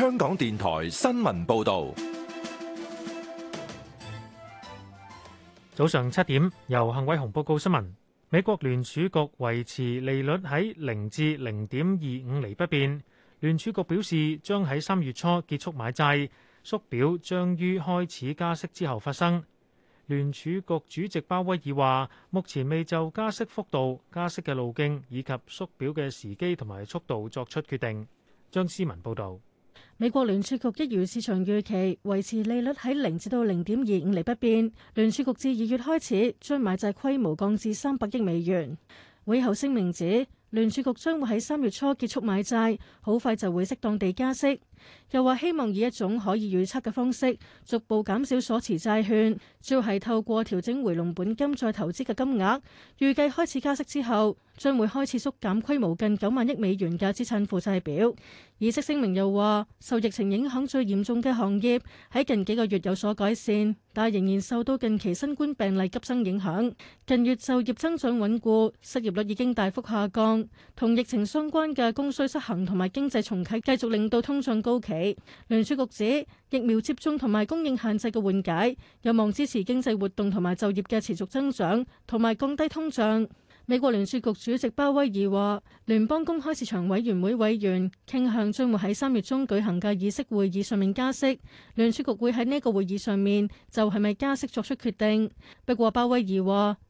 香港電台新聞報道，早上七點由幸偉雄報告，告新聞。美國聯儲局維持利率喺零至零點二五厘不變。聯儲局表示，將喺三月初結束買債，縮表將於開始加息之後發生。聯儲局主席鮑威爾話，目前未就加息幅度、加息嘅路徑以及縮表嘅時機同埋速度作出決定。張思文報道。美國聯儲局一如市場預期維持利率喺零至到零點二五厘不變。聯儲局自二月開始將買債規模降至三百億美元。會後聲明指，聯儲局將會喺三月初結束買債，好快就會適當地加息。又話希望以一種可以預測嘅方式，逐步減少所持債券，主要係透過調整回籠本金再投資嘅金額。預計開始加息之後，將會開始縮減規模近九萬億美元嘅資產負債表。議息聲明又話，受疫情影響最嚴重嘅行業喺近幾個月有所改善，但仍然受到近期新冠病例急增影響。近月就業增長穩固，失業率已經大幅下降，同疫情相關嘅供需失衡同埋經濟重啟繼，繼續令到通脹到期，聯儲局指疫苗接種同埋供應限制嘅緩解，有望支持經濟活動同埋就業嘅持續增長，同埋降低通脹。美國聯儲局主席鮑威爾話：聯邦公開市場委員會委員傾向將會喺三月中舉行嘅議息會議上面加息，聯儲局會喺呢個會議上面就係咪加息作出決定。不過鮑威爾話。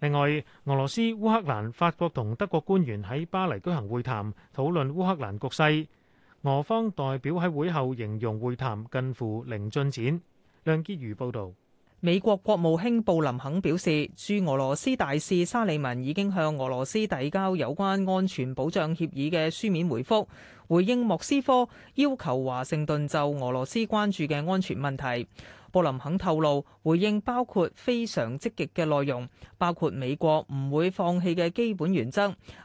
另外，俄羅斯、烏克蘭、法國同德國官員喺巴黎舉行會談，討論烏克蘭局勢。俄方代表喺會後形容會談近乎零進展。梁潔如報導。美國國務卿布林肯表示，駐俄羅斯大使沙利文已經向俄羅斯遞交有關安全保障協議嘅書面回覆，回應莫斯科要求華盛頓就俄羅斯關注嘅安全問題。布林肯透露，回應包括非常積極嘅內容，包括美國唔會放棄嘅基本原則，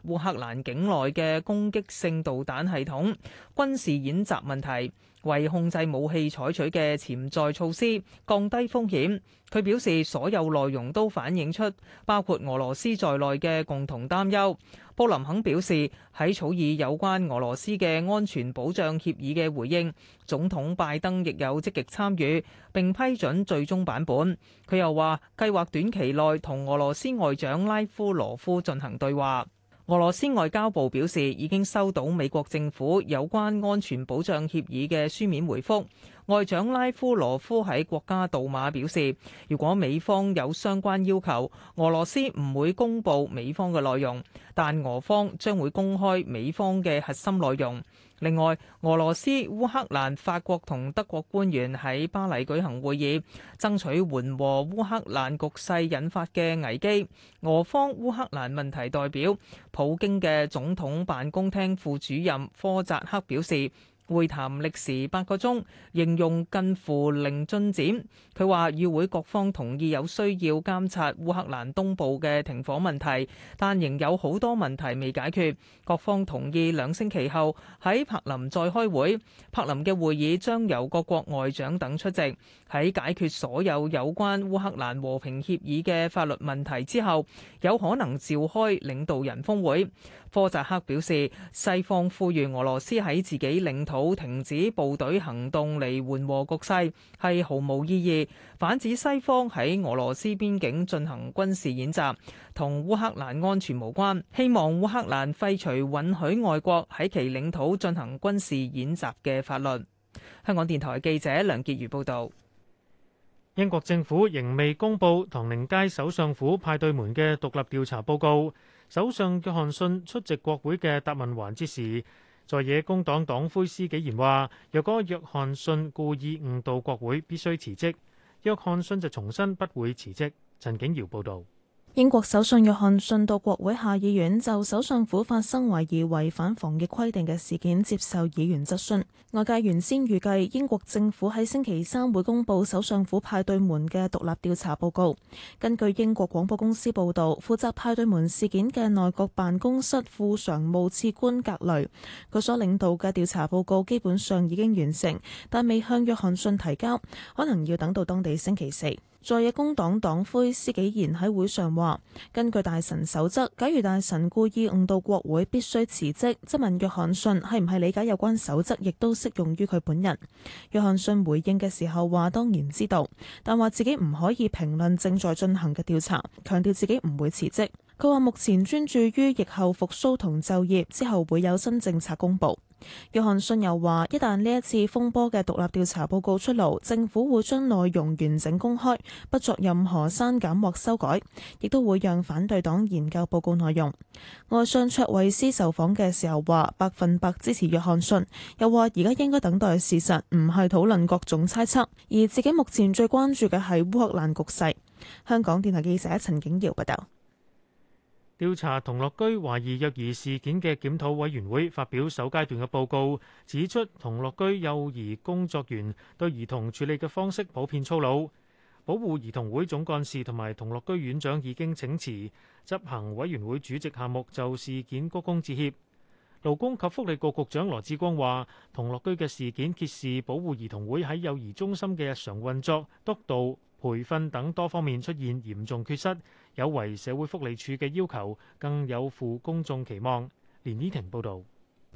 烏克蘭境內嘅攻擊性導彈系統、軍事演習問題，為控制武器採取嘅潛在措施、降低風險，佢表示，所有內容都反映出包括俄羅斯在內嘅共同擔憂。布林肯表示，喺草擬有關俄羅斯嘅安全保障協議嘅回應，總統拜登亦有積極參與，並批准最終版本。佢又話，計劃短期內同俄羅斯外長拉夫羅夫進行對話。俄羅斯外交部表示已經收到美國政府有關安全保障協議嘅書面回覆。外長拉夫羅夫喺國家杜馬表示，如果美方有相關要求，俄羅斯唔會公布美方嘅內容，但俄方將會公開美方嘅核心內容。另外，俄羅斯、烏克蘭、法國同德國官員喺巴黎舉行會議，爭取緩和烏克蘭局勢引發嘅危機。俄方烏克蘭問題代表、普京嘅總統辦公廳副主任科扎克表示。會談歷時八個鐘，形容近乎零進展。佢話：與會各方同意有需要監察烏克蘭東部嘅停火問題，但仍有好多問題未解決。各方同意兩星期後喺柏林再開會。柏林嘅會議將由各國外長等出席。喺解決所有有關烏克蘭和平協議嘅法律問題之後，有可能召開領導人峰會。科扎克表示：西方呼籲俄羅斯喺自己領土冇停止部隊行動嚟緩和局勢係毫無意義。反指西方喺俄羅斯邊境進行軍事演習，同烏克蘭安全無關。希望烏克蘭廢除允許外國喺其領土進行軍事演習嘅法律。香港電台記者梁潔如報導。英國政府仍未公布唐寧街首相府派對門嘅獨立調查報告。首相約翰遜出席國會嘅答問環節時。在野工黨黨魁施紀賢話：若果約翰遜故意誤導國會，必須辭職。約翰遜就重申不會辭職。陳景堯報導。英國首相約翰遜到國會下議院就首相府發生懷疑違反防疫規定嘅事件接受議員質詢。外界原先預計英國政府喺星期三會公布首相府派對門嘅獨立調查報告。根據英國廣播公司報道，負責派對門事件嘅內閣辦公室副常務次官格雷，佢所領導嘅調查報告基本上已經完成，但未向約翰遜提交，可能要等到當地星期四。在野工黨黨魁司紀賢喺會上話：根據大臣守則，假如大臣故意誤導國會必須辭職，必須辭職。質問約翰遜係唔係理解有關守則，亦都適用於佢本人。約翰遜回應嘅時候話：，當然知道，但話自己唔可以評論正在進行嘅調查，強調自己唔會辭職。佢話目前專注於疫後復蘇同就業，之後會有新政策公布。約翰遜又話一旦呢一次風波嘅獨立調查報告出爐，政府會將內容完整公開，不作任何刪減或修改，亦都會讓反對黨研究報告內容。外相卓慧斯受訪嘅時候話百分百支持約翰遜，又話而家應該等待事實，唔係討論各種猜測，而自己目前最關注嘅係烏克蘭局勢，香港電台記者陳景瑤報道。調查同樂居懷疑虐兒事件嘅檢討委員會發表首階段嘅報告，指出同樂居幼兒工作員對兒童處理嘅方式普遍粗魯。保護兒童會總幹事同埋同樂居院長已經請辭，執行委員會主席夏穆就事件鞠躬致歉。勞工及福利局局局長羅志光話，同樂居嘅事件揭示保護兒童會喺幼兒中心嘅日常運作、督導、培訓等多方面出現嚴重缺失，有違社會福利署嘅要求，更有負公眾期望。連依婷報道：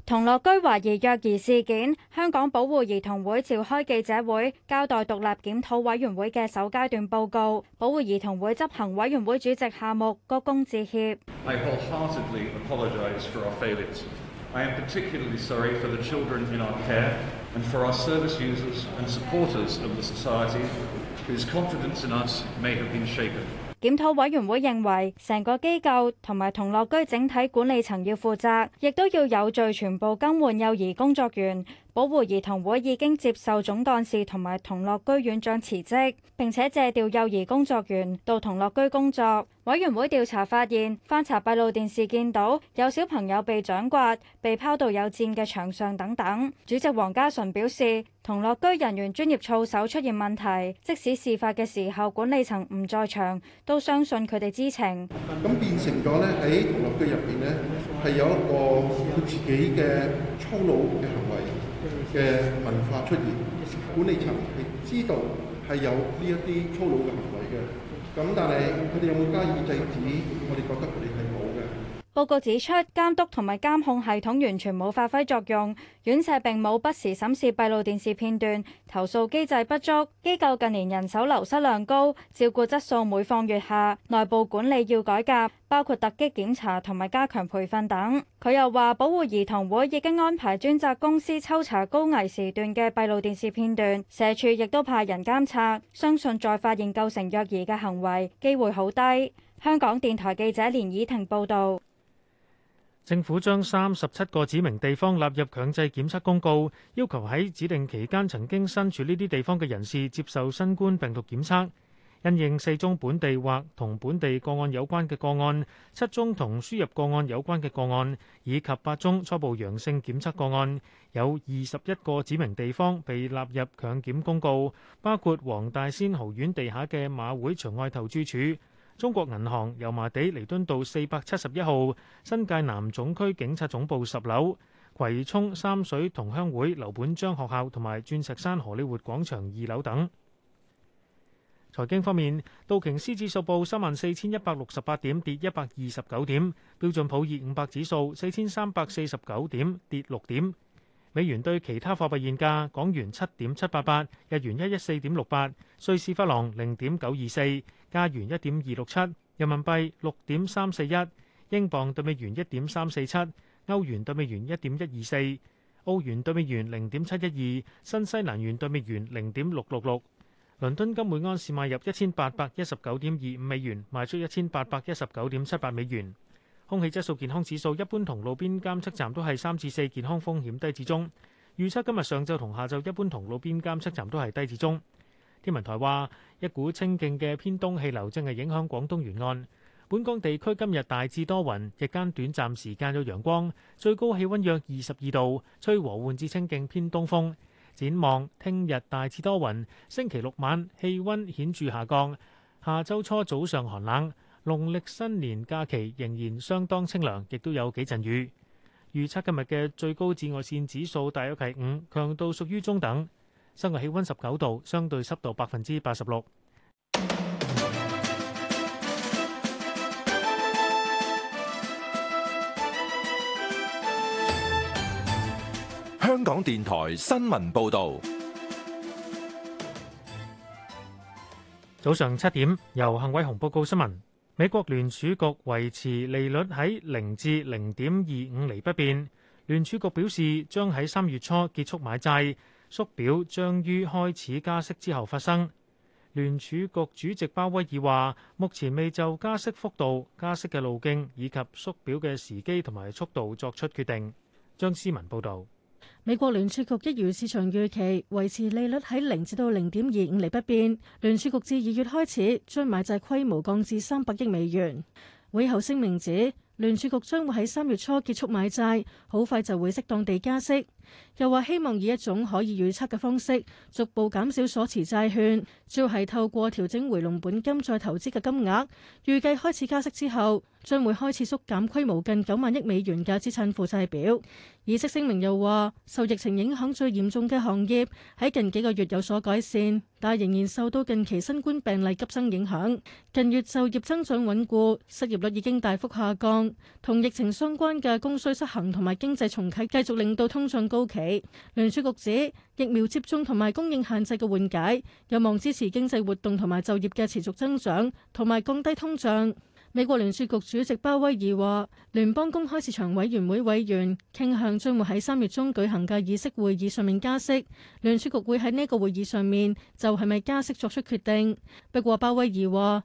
同樂居懷疑虐兒事件，香港保護兒童會召開記者會，交代獨立檢討委員會嘅首階段報告。保護兒童會執行委員會主席夏木鞠躬致歉。檢討委員會認為，成個機構同埋同樂居整體管理層要負責，亦都要有序全部更換幼兒工作員。保護兒童會已經接受總幹事同埋同樂居院長辭職，並且借調幼兒工作員到同樂居工作。委員會調查發現，翻查閉路電視，見到有小朋友被掌摑、被拋到有箭嘅牆上等等。主席黃家純表示，同樂居人員專業操守出現問題，即使事發嘅時候管理層唔在場，都相信佢哋知情。咁變成咗呢，喺同樂居入邊呢，係有一個佢自己嘅粗魯嘅嘅文化出現，管理層係知道係有呢一啲粗魯嘅行為嘅，咁但係佢哋有冇加以制止？我哋覺得佢哋係冇。報告指出，監督同埋監控系統完全冇發揮作用，院舍並冇不時審視閉路電視片段，投訴機制不足，機構近年人手流失量高，照顧質素每況愈下，內部管理要改革，包括突擊檢查同埋加強培訓等。佢又話，保護兒童會已經安排專責公司抽查高危時段嘅閉路電視片段，社署亦都派人監察，相信再發現構成虐兒嘅行為機會好低。香港電台記者連以婷報導。政府將三十七個指明地方納入強制檢測公告，要求喺指定期間曾經身處呢啲地方嘅人士接受新冠病毒檢測。因應四宗本地或同本地個案有關嘅個案，七宗同輸入個案有關嘅個案，以及八宗初步陽性檢測個案，有二十一個指明地方被納入強檢公告，包括黃大仙豪苑地下嘅馬會場外投注處。中國銀行、油麻地彌敦道四百七十一號、新界南總區警察總部十樓、葵涌三水同鄉會劉本章學校同埋鑽石山荷里活廣場二樓等。財經方面，道瓊斯指數報三萬四千一百六十八點，跌一百二十九點；標準普爾五百指數四千三百四十九點，跌六點。美元兌其他貨幣現價：港元七點七八八，日元一一四點六八，瑞士法郎零點九二四。加元一點二六七，人民幣六點三四一，英鎊兌美元一點三四七，歐元兌美元一點一二四，澳元兌美元零點七一二，新西蘭元兌美元零點六六六。倫敦金每安士賣入一千八百一十九點二五美元，賣出一千八百一十九點七八美元。空氣質素健康指數一般同路邊監測站都係三至四，4，健康風險低至中。預測今日上晝同下晝一般同路邊監測站都係低至中。天文台話，一股清勁嘅偏東氣流正係影響廣東沿岸，本港地區今日大致多雲，日間短暫時間有陽光，最高氣温約二十二度，吹和緩至清勁偏東風。展望聽日大致多雲，星期六晚氣温顯著下降，下周初早上寒冷。農曆新年假期仍然相當清涼，亦都有幾陣雨。預測今日嘅最高紫外線指數大約係五，強度屬於中等。今日氣溫十九度，相對濕度百分之八十六。香港電台新聞報導，早上七點由幸偉雄報告新聞。美國聯儲局維持利率喺零至零點二五厘不變。聯儲局表示，將喺三月初結束買債。縮表將於開始加息之後發生。聯儲局主席鮑威爾話：目前未就加息幅度、加息嘅路徑以及縮表嘅時機同埋速度作出決定。張思文報導。美國聯儲局一如市場預期，維持利率喺零至到零點二五厘不變。聯儲局自二月開始將買債規模降至三百億美元。會後聲明指，聯儲局將會喺三月初結束買債，好快就會適當地加息。又話希望以一種可以預測嘅方式，逐步減少所持債券，主要係透過調整回籠本金再投資嘅金額。預計開始加息之後，將會開始縮減規模近九萬億美元嘅資產負債表。議息聲明又話，受疫情影響最嚴重嘅行業喺近幾個月有所改善，但仍然受到近期新冠病例急增影響。近月就業增長穩固，失業率已經大幅下降。同疫情相關嘅供需失衡同埋經濟重啟，繼續令到通脹高企，聯儲局指疫苗接種同埋供應限制嘅緩解有望支持經濟活動同埋就業嘅持續增長，同埋降低通脹。美國聯儲局主席鮑威爾話，聯邦公開市場委員會委員傾向將會喺三月中舉行嘅議息會議上面加息，聯儲局會喺呢個會議上面就係咪加息作出決定。不過鮑威爾話。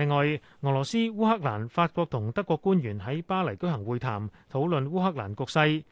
另外，俄羅斯、烏克蘭、法國同德國官員喺巴黎舉行會談，討論烏克蘭局勢。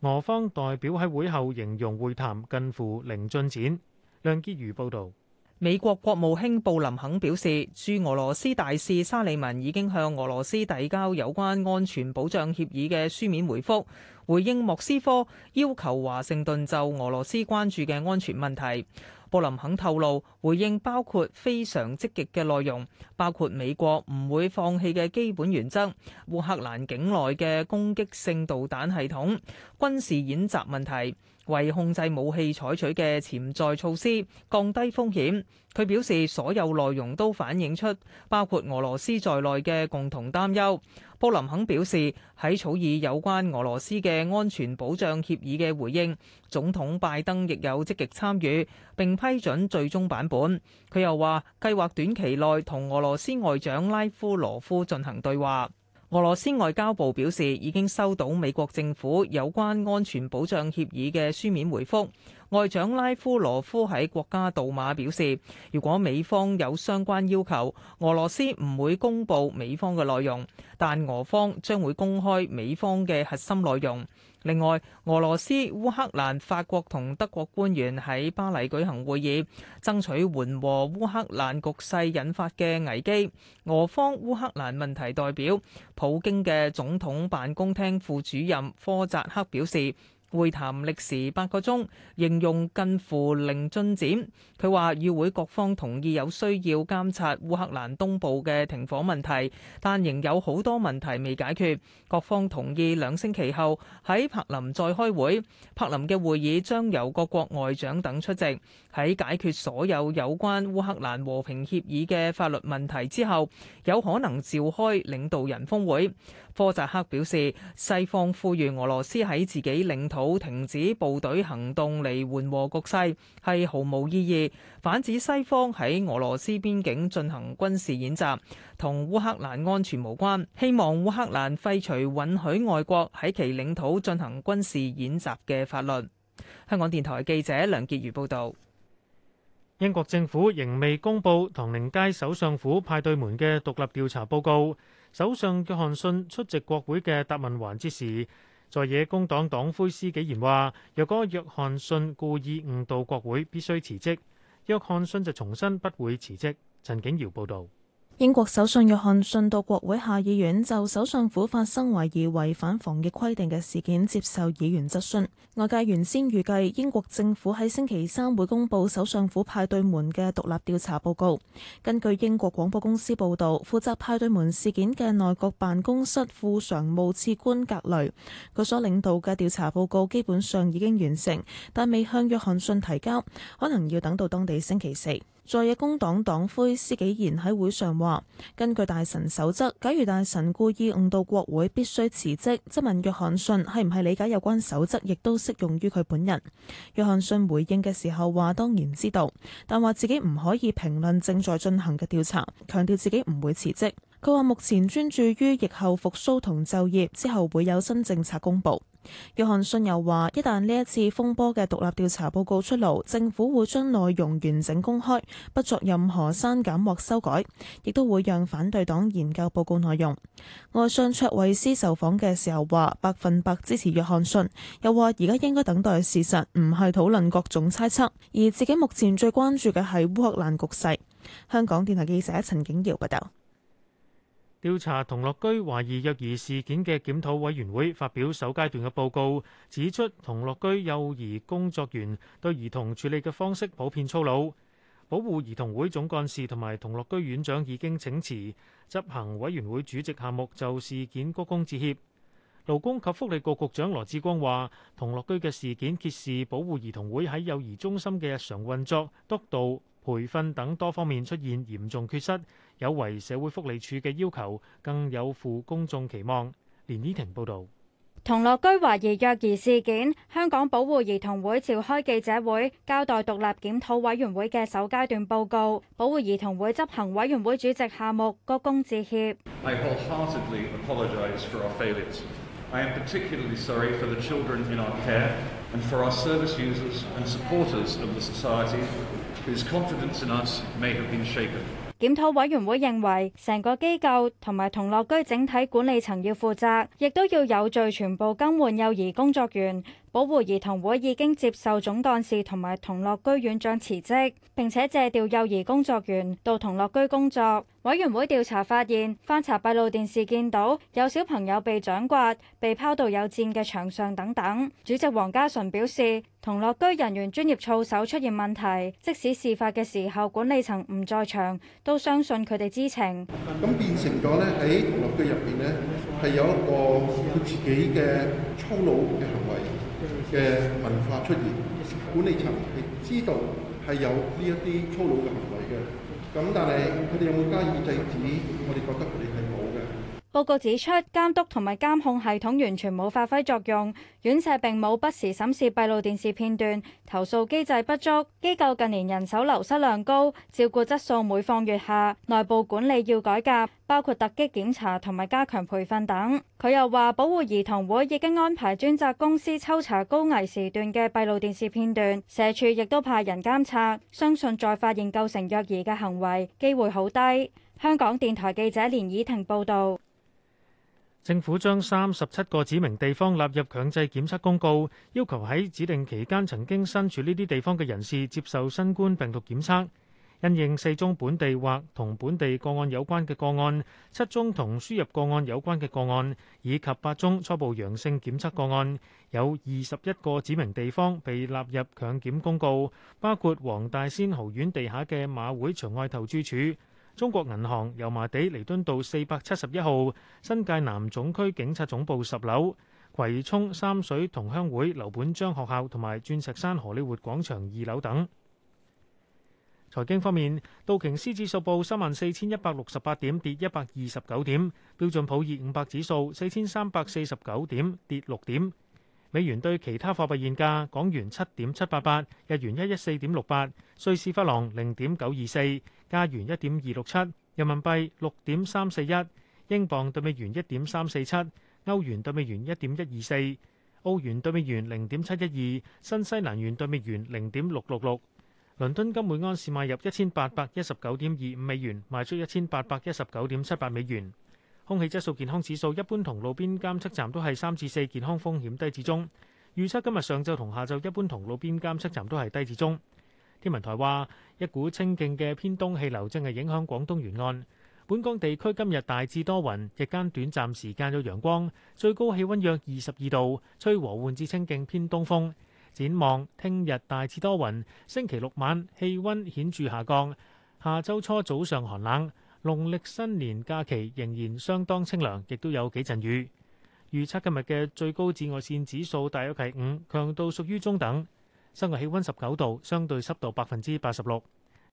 俄方代表喺會後形容會談近乎零進展。梁傑如報導。美國國務卿布林肯表示，駐俄羅斯大使沙利文已經向俄羅斯遞交有關安全保障協議嘅書面回覆，回應莫斯科要求華盛頓就俄羅斯關注嘅安全問題。布林肯透露，回應包括非常積極嘅內容，包括美國唔會放棄嘅基本原則，烏克蘭境內嘅攻擊性導彈系統，軍事演習問題，為控制武器採取嘅潛在措施、降低風險，佢表示，所有內容都反映出包括俄羅斯在內嘅共同擔憂。布林肯表示，喺草擬有關俄羅斯嘅安全保障協議嘅回應，總統拜登亦有積極參與，並批准最終版本。佢又話，計劃短期內同俄羅斯外長拉夫羅夫進行對話。俄羅斯外交部表示已經收到美國政府有關安全保障協議嘅書面回覆。外長拉夫羅夫喺國家杜馬表示，如果美方有相關要求，俄羅斯唔會公布美方嘅內容，但俄方將會公開美方嘅核心內容。另外，俄羅斯、烏克蘭、法國同德國官員喺巴黎舉行會議，爭取緩和烏克蘭局勢引發嘅危機。俄方烏克蘭問題代表、普京嘅總統辦公廳副主任科扎克表示。會談歷時八個鐘，形容近乎零進展。佢話：與會各方同意有需要監察烏克蘭東部嘅停火問題，但仍有好多問題未解決。各方同意兩星期後喺柏林再開會。柏林嘅會議將由各國外長等出席。喺解決所有有關烏克蘭和平協議嘅法律問題之後，有可能召開領導人峰會。科扎克表示：西方呼籲俄羅斯喺自己領土。冇停止部隊行動嚟緩和局勢係毫無意義，反指西方喺俄羅斯邊境進行軍事演習，同烏克蘭安全無關。希望烏克蘭廢除允許外國喺其領土進行軍事演習嘅法律。香港電台記者梁潔如報導。英國政府仍未公布唐寧街首相府派對門嘅獨立調查報告。首相約翰遜出席國會嘅答問環節時。在野工黨黨魁施紀賢話：若果約翰遜故意誤導國會，必須辭職。約翰遜就重申不會辭職。陳景堯報道。英國首相約翰遜到國會下議院就首相府發生懷疑違反防疫規定嘅事件接受議員質詢。外界原先預計英國政府喺星期三會公布首相府派對門嘅獨立調查報告。根據英國廣播公司報道，負責派對門事件嘅內閣辦公室副常務次官格雷，佢所領導嘅調查報告基本上已經完成，但未向約翰遜提交，可能要等到當地星期四。在野工黨黨魁司紀賢喺會上話：根據大臣守則，假如大臣故意誤導國會必須辭職，必須辭職。質問約翰遜係唔係理解有關守則，亦都適用於佢本人。約翰遜回應嘅時候話：當然知道，但話自己唔可以評論正在進行嘅調查，強調自己唔會辭職。佢話目前專注於疫後復蘇同就業，之後會有新政策公布。約翰遜又話，一旦呢一次風波嘅獨立調查報告出爐，政府會將內容完整公開，不作任何刪減或修改，亦都會讓反對黨研究報告內容。外相卓慧斯受訪嘅時候話百分百支持約翰遜，又話而家應該等待事實唔係討論各種猜測，而自己目前最關注嘅係烏克蘭局勢，香港電台記者陳景瑤報道。調查同樂居懷疑虐兒事件嘅檢討委員會發表首階段嘅報告，指出同樂居幼兒工作員對兒童處理嘅方式普遍粗魯。保護兒童會總幹事同埋同樂居院長已經請辭，執行委員會主席項目就事件鞠躬致歉。勞工及福利局局局長羅致光話：同樂居嘅事件揭示保護兒童會喺幼兒中心嘅日常運作、督導、培訓等多方面出現嚴重缺失。有違社會福利署嘅要求，更有負公眾期望。連依婷報道。同樂居懷疑虐兒事件，香港保護兒童會召開記者會，交代獨立檢討委員會嘅首階段報告。保護兒童會執行委員會主席夏目，鞠躬致歉。檢討委員會認為，成個機構同埋同樂居整體管理層要負責，亦都要有序全部更換幼兒工作員。保護兒童會已經接受總幹事同埋同樂居院長辭職，並且借調幼兒工作員到同樂居工作。委員會調查發現，翻查閉路電視，見到有小朋友被掌摑、被拋到有箭嘅牆上等等。主席黃家純表示，同樂居人員專業操守出現問題，即使事發嘅時候管理層唔在場，都相信佢哋知情。咁變成咗呢，喺同樂居入邊呢，係有一個佢自己嘅粗魯嘅行嘅文化出現，管理層係知道係有呢一啲粗魯嘅行為嘅，咁但係佢哋有冇加以制止？我哋覺得佢哋係。報告指出，監督同埋監控系統完全冇發揮作用，院舍並冇不時審視閉路電視片段，投訴機制不足，機構近年人手流失量高，照顧質素每況愈下，內部管理要改革，包括突擊檢查同埋加強培訓等。佢又話：保護兒童會已經安排專責公司抽查高危時段嘅閉路電視片段，社署亦都派人監察，相信再發現構成虐兒嘅行為機會好低。香港電台記者連以婷報導。政府將三十七個指明地方納入強制檢測公告，要求喺指定期間曾經身處呢啲地方嘅人士接受新冠病毒檢測。因應四宗本地或同本地個案有關嘅個案，七宗同輸入個案有關嘅個案，以及八宗初步陽性檢測個案，有二十一個指明地方被納入強檢公告，包括黃大仙豪苑地下嘅馬會場外投注處、中國銀行、油麻地彌敦道四百七十一號、新界南總區警察總部十樓、葵涌三水同鄉會劉本章學校同埋鑽石山荷里活廣場二樓等。財經方面，道瓊斯指數報三萬四千一百六十八點，跌一百二十九點；標準普爾500指數四千三百四十九點，跌六點。美元對其他貨幣現價：港元七點七八八，日元一一四點六八，瑞士法郎零點九二四。加元一點二六七，人民幣六點三四一，英鎊對美元一點三四七，歐元對美元一點一二四，澳元對美元零點七一二，新西蘭元對美元零點六六六。倫敦金每安士買入一千八百一十九點二五美元，賣出一千八百一十九點七八美元。空氣質素健康指數一般同路邊監測站都係三至四，健康風險低至中。預測今日上晝同下晝一般同路邊監測站都係低至中。天文台話一股清勁嘅偏東氣流正係影響廣東沿岸，本港地區今日大致多雲，日間短暫時間有陽光，最高氣溫約二十二度，吹和緩至清勁偏東風。展望聽日大致多雲，星期六晚氣溫顯著下降，下周初早上寒冷。農曆新年假期仍然相當清涼亦都有幾陣雨。預測今日嘅最高紫外線指數大約係五，強度屬於中等。室外氣溫十九度，相對濕度百分之八十六。